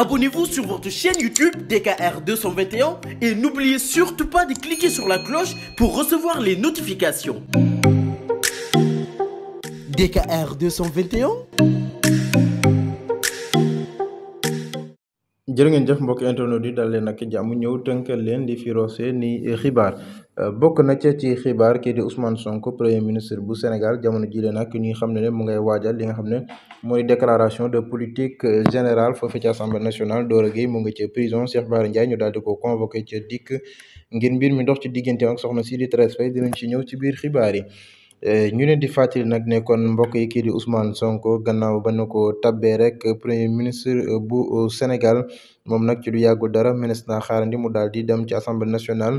Abonnez-vous sur votre chaîne YouTube DKR 221 et n'oubliez surtout pas de cliquer sur la cloche pour recevoir les notifications. DKR 221. jërë ngeen jëf mbokk internet yi dal leen ak jàmm ñëw tënkal leen di firose ni xibaar. bokk na ca ci xibaar kii di Ousmane Sonko premier ministre bu Sénégal jamono jile nag ñi xam ne ne mu ngay waajal li nga xam ne mooy déclaration de politique générale foofu ci assemblée nationale Doro Gueye mu nga ci prison Cheikh Bara Ndiaye ñu daal di ko convoqué ca dikk ngir mbir mi ndox ci diggante ak soxna si di Thérèse Faye dinañ ci ñëw ci biir xibaar yi. Eh, ñu leen di fàttali nag ne kon mbokk yi kii di Ousmane Sonko gannaaw ba nu ko tabbee rek premier ministre eh, bu eh, Sénégal moom nag ci lu yàggul dara ministre naa xaarandi mu daal di dem ci assemblée nationale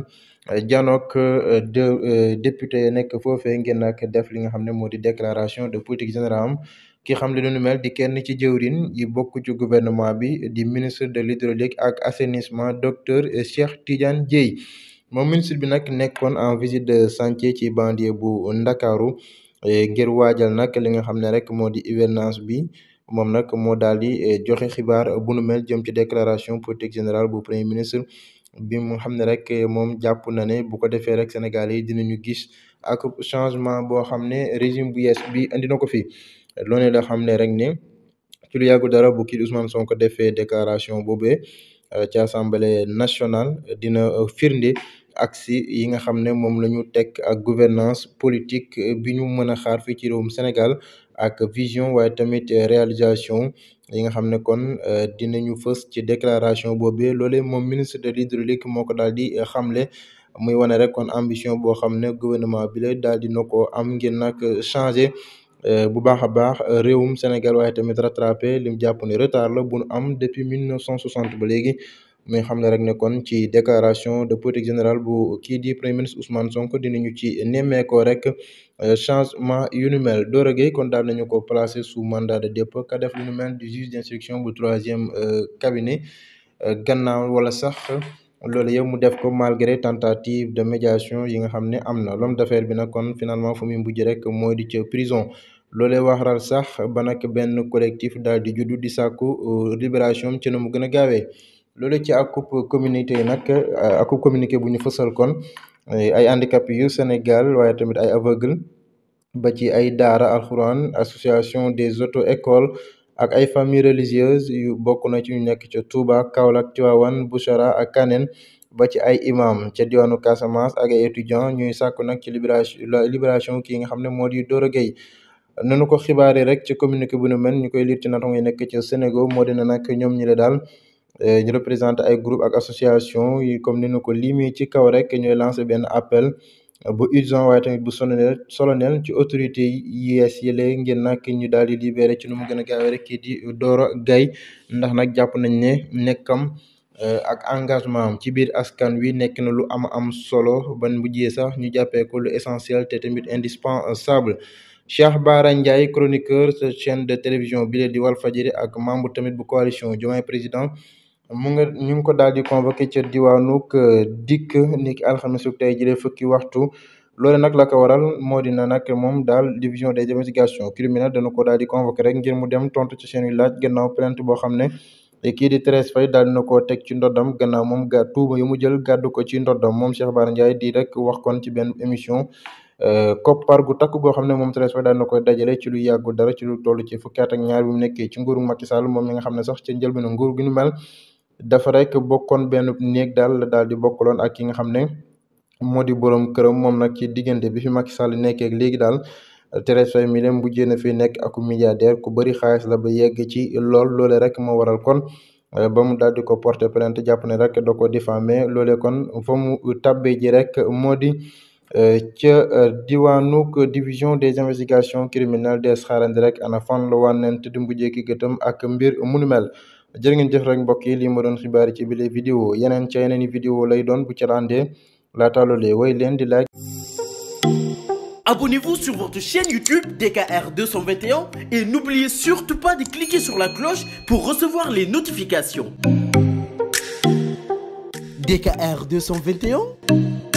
janook de député nekk foofee ngeen nag def li nga xam ne moo di déclaration de politique générale ki xam le nu mel di kenn ci jëwrin yi bokk ci gouvernement bi di ministre de l'hydraulique ak assainissement docteur Cheikh Tidiane Dièye moom ministre bi nag nekkoon en visite de chantier ci banlieue bu ndakaaru e, ngir waajal nag li nga xam ne rek moo di hivernage bi moom nag moo daal di e, joxe xibaar bu nu mel jëm ci déclaration politique générale bu premier ministre bi mu xam ne rek moom jàpp na ne bu ko defee rek Sénégal yi dinañu gis ak changement boo xam ne régime bu yees bi indi na ko fi loolee la xam ne rek ne ci lu yàggu dara bu kii Ousmane ko defee déclaration boobee e, ca assemblée national dina firnde. axe yi nga xam ne moom la ñu teg ak gouvernance politique bi ñu mën a xaar fii ci réewum Sénégal ak vision waaye tamit réalisation yi nga xam ne kon euh, dinañu fës ci déclaration boobu loole moom ministre de l'hydraulique moo ko daal di xamle muy wane rek kon ambition boo xam ne gouvernement bi la daal di dina ko am ngir nag changer euh, bu baax a baax réewum Sénégal waaye tamit rattrapé lim jàpp ne retard la bu am depuis mille neuf cent soixante ba léegi. muy xam ne rek ne kon ci déclaration de politique générale bu kii di premier ministre Ousmane Sonko dinañu ci nemmeekoo rek euh, changement yu nu mel Doro Gueye kon daal nañu ko placé sous mandat de dépôt ka def lu nu mel du juge d'instruction bu troisième euh, cabinet euh, gannaaw wala sax loolu yëpp mu def ko malgré tentative de médiation yi nga xam ne am na l'homme d'affaires bi nag kon finalement fu muy mujj rek mooy di ci prison loolee waxaral sax ba nag benn collectif daal di juddu di sàkku libération ci na mu gën a gaawee loole ci akub communauté yi nag euh, akub communiqué bu ñu fësal kon euh, ay handicapé yu Sénégal waaye tamit ay aveugle ba ci ay daara alxuraan association des auto école ak ay famille religieuse yu bokk na ci ñu nekk ca Touba Kaolack Tivaouane Bouchara ak Kaneen ba ci ay imam ca diwaanu Casamance ak ay étudiant ñuy sàkku nag ci libération la libération kii nga xam ne moo di Doro Gueye nanu ko xibaaree rek ci communiqué bu nu mel ñu koy liir ci yi nekk ca Sénégal moo dina nag ñoom ñi la daal ñu euh, représenté ay groupe ak association yi comme ni ñu ko limee ci kaw rek ñooy lancé benn appel bu urgent waaye tamit bu solennel solennel ci autorité yi yees yi léegi ngeen nag ñu daal di libéré ci nu mu gën a gaawee rek kii di Doro Gaye ndax nag jàpp nañ ne nekkam euh, ak engagement am ci biir askan wi nekk na lu am am solo ban mujjee sax ñu jàppee ko lu essentiel te tamit indispensable Cheikh Bara Ndiaye chroniqueur chaîne de télévision bile di Walfadjri ak membre tamit bu coalition Diomaye Président mu nga ñu ngi ko daal di convoqué ca diwaanu euh, dikk niki alxames su tey jëlee fukki waxtu loolu nag la ko waral moo di na nag moom daal division des investigations criminelles dana ko daal di convoqué rek ngir mu dem tontu ci seen i laaj gannaaw plainte boo xam ne kii di Thérèse Faye daal na ko teg ci ndoddam gannaaw moom ga tuuma yu mu jël gàddu ko ci ndoddam moom Cheikh Bara Ndiaye di rek wax kon ci benn émission euh, koppar gu takk goo xam ne moom Thérèse Faye daal na koy dajale ci lu yàggu ci lu toll ci fukki ñaar bi mu nekkee ci nguuru Macky Sall moom mi nga xam ne sax ca njëlbéenu nguur gi nu mel dafa rek bokkoon benn néeg daal daal di bokkaloon ak ki nga xam ne moo di borom këram moom nag ci diggante bi fi Macky Sall nekkeek léegi daal Thérèse Faye mi dem bu jéem fi nekk ak milliardaire ko bëri xaalis la ba yegg ci lool loole rek moo waral kon. Euh, ba mu daal di ko porté jàpp ne rek da ko diffamé loolee kon fa mu ji rek moo di euh, ca euh, diwaanu division des investigations criminelles des xaarandi rek ana fan la wànnent di mujjee ki gëtam ak mbir munu jërë ngeen jëf rek mbokk yi lii ma doon xibaar ci bile vidéo yeneen ca yeneen i vidéo lay doon bu ca laandee laata loolee di like. Abonnez-vous sur votre chaîne YouTube DKR et n'oubliez surtout pas de cliquer sur la cloche pour recevoir les notifications. DKR 221.